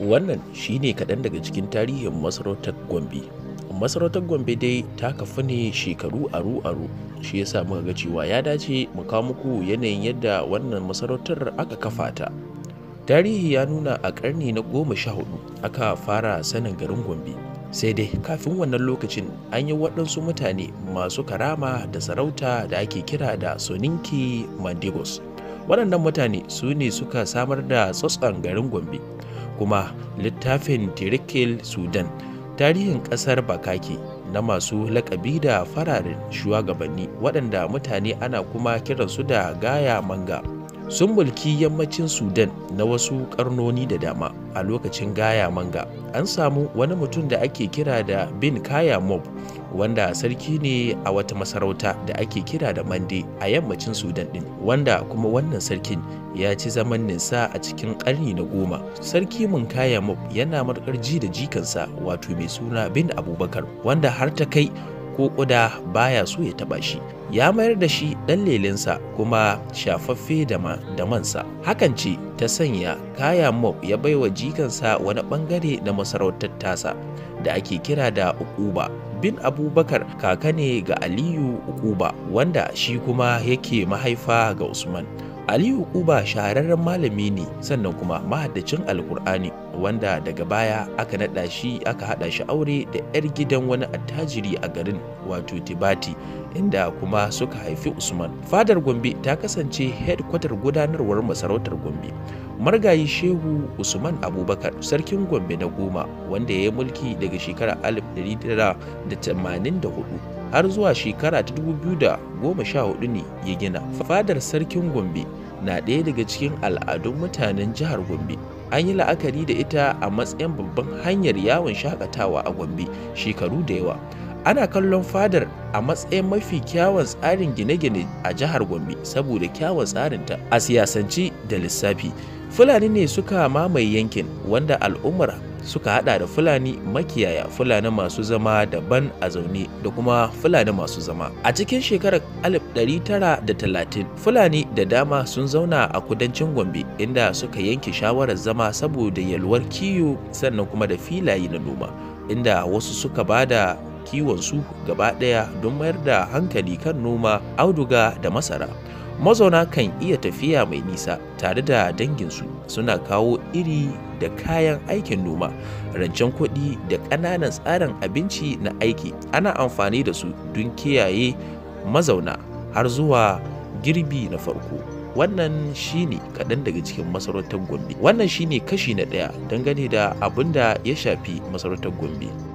wannan shi ne kaɗan daga cikin tarihin masarautar gombe masarautar gombe dai ta kafa ne shekaru aru-aru shi yasa muka ga cewa ya dace mu kawo muku yanayin yadda wannan masarautar aka kafa ta tarihi ya nuna a ƙarni na goma sha hudu aka fara sanin garin gombe sai dai kafin wannan lokacin an yi waɗansu mutane masu karama da sarauta da ake kira da soninki mandigos waɗannan mutane su ne suka samar da tsotson garin gombe kuma littafin tirikil sudan tarihin ƙasar bakake na masu lakabi da fararen shugabanni waɗanda mutane ana kuma kiransu da gaya manga sun mulki yammacin sudan na wasu ƙarnoni da dama a lokacin gaya manga an samu wani mutum da ake kira da bin kaya mob wanda sarki ne a wata masarauta da ake kira da mande a yammacin sudan din wanda kuma wannan sarkin ya ci zaman ninsa a cikin ƙarni na goma sarki munkaya yana matuƙar ji da jikansa wato mai suna bin abubakar wanda har ta kai ko ƙuda baya so ya taɓa shi ya mayar da shi ɗan lelinsa kuma shafaffe da mansa hakan ce ta sanya kaya mob ya baiwa jikansa wani ɓangare na masarautar tasa da ake kira da ukuba bin abubakar kaka ne ga aliyu ukuba wanda shi kuma yake mahaifa ga usman Aliyu Kuba shahararren malami ne sannan kuma mahaddacin Alkur'ani wanda daga baya aka naɗa shi aka haɗa shi aure da 'yar gidan wani attajiri a garin wato Tibati inda kuma suka haifi Usman. Fadar Gombe ta kasance headquarter gudanarwar masarautar Gombe. Margayi Shehu Usman Abubakar sarkin Gombe na goma wanda ya yi mulki daga shekarar 1984 har zuwa shekara ta 2014 ne ya gina. Fadar Sarkin Gombe na ɗaya daga cikin al'adun mutanen jihar Gombe. An yi la'akari da ita a matsayin babban hanyar yawon shakatawa a Gombe shekaru da yawa. ana kallon fadar a matsayin mafi kyawun tsarin gine-gine a jihar gombe saboda kyawun tsarinta a siyasanci da lissafi fulani ne suka mamaye yankin wanda al'ummar suka hada da fulani makiyaya fulani masu zama daban a zaune da kuma fulani masu zama a cikin shekarar 1930 fulani da dama sun zauna a kudancin gombe inda suka yanke shawarar zama saboda yalwar kiyo sannan kuma da filaye na noma inda wasu suka bada kiwonsu gaba ɗaya don mayar da hankali kan noma auduga da masara mazauna kan iya tafiya mai nisa tare da danginsu suna kawo iri da kayan aikin noma rancen kuɗi da ƙananan tsarin abinci na aiki ana amfani da su don kiyaye mazauna har zuwa girbi na farko wannan shine kaɗan daga cikin masarautar gombe wannan shine kashi na ɗaya dangane da abin da ya shafi masarautar gombe